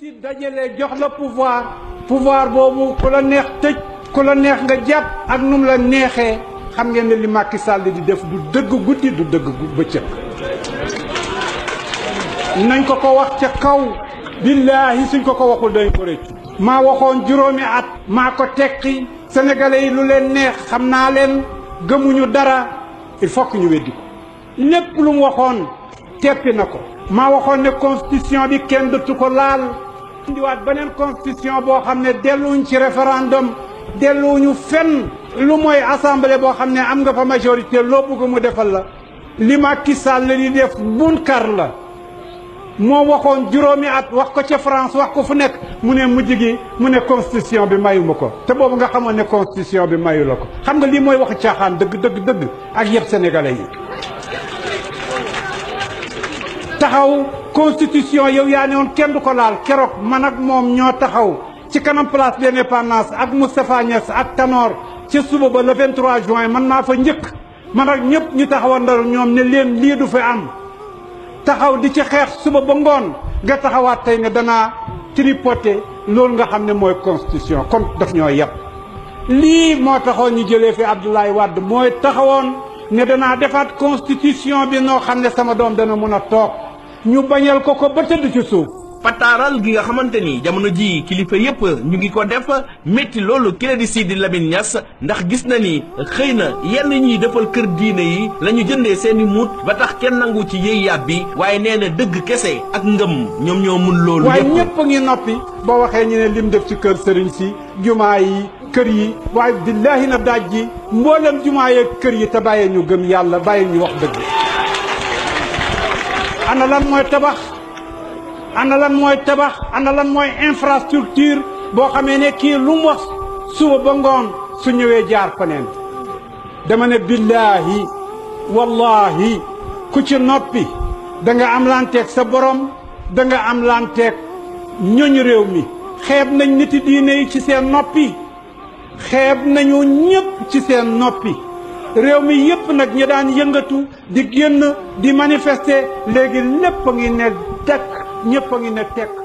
ci dajale jox la pouvoir pouvoir boobu ku la neex tëj ku la neex nga jàpp ak num la neexee xam ngeen ne li Macky Sall di def du dëgg guddi du dëgg bëccëg nañ ko ko wax ca kaw billaahi suñ ko ko waxul dañ ko rëccu maa waxoon juróomi at maa ko tekki sénégalais yi lu leen neex xam naa leen gëmuñu dara il faut que ñu weddi ko lépp lu waxoon teppi na ko maa waxoon ne constitution bi kenn dëttu ko laal indiwaat beneen constitution boo xam ne delluwuñ ci référendum delluwuñu fenn lu mooy assemblée boo xam ne am nga fa majorité loo bëgg mu defal la li Macky Sall la di def kar la moo waxoon juróomi at wax ko ca France wax ko fu nekk mu ne mujj gi mu ne constitution bi mayu ko te boobu nga xamoon ne constitution bi mayu la ko xam nga lii mooy waxu caaxaan dëgg dëgg dëgg ak yëpp sénégalais yi taxaw constitution yow yaa ne woon kenn du ko laal keroog man ak moom ñoo taxaw ci kanam place de l'Indépendance ak Moustapha Niass ak Tanor ca suba ba le 23 juin man maa fa njëkk man ak ñëpp ñu taxawandoo ñoom ne leen lii du fi am taxaw di ci xeex suba ba ngoon nga taxawaat tey ne danaa tripoter loolu nga xam ne mooy constitution kon daf ñoo yàpp lii moo taxoon ñu jëlee fi Abdoulaye Wade mooy taxawoon ne danaa defaat constitution bi noo xam ne sama doom dana mën a toog ñu bañal ko ko ba ci suuf pataaral gi nga xamante ni jamono ji kilifa yépp ñu ngi ko def métti loolu kile di Sidi Lamine Niass ndax gis na ni xëy na yenn ñuy defal kër diine yi lañu ñu jëndee seeni muut ba tax kenn nangu ci yëy yàb bi waaye nee na dëgg kese ak ngëm ñoom ñoo mun loolu waaye ñépp a ngi noppi boo waxee ñu ne lim def ci kër sëriñ si jumaa yi kër yi waaye billaahi na daaj mboolem mboolam jumaa yeeg kër yi te bàyyee ñu gëm yàlla bàyyi ñu wax dëgg ana lan mooy tabax ana lan mooy tabax ana mooy infrastructure boo xamee ne kii lu mu suba ba ngoon su ñëwee jaar faneen dama ne billaahi wallaahi ku ci noppi danga nga am lanteeg sa borom danga am lanteeg ñoñu réew mi xeeb nañ niti diine yi ci seen noppi xeeb nañu ñëpp ci seen noppi réew mi yëpp nag ñu daan yëngatu di génn di manifester léegi lépp a ngi ne tekk ñëpp a ngi ne tekk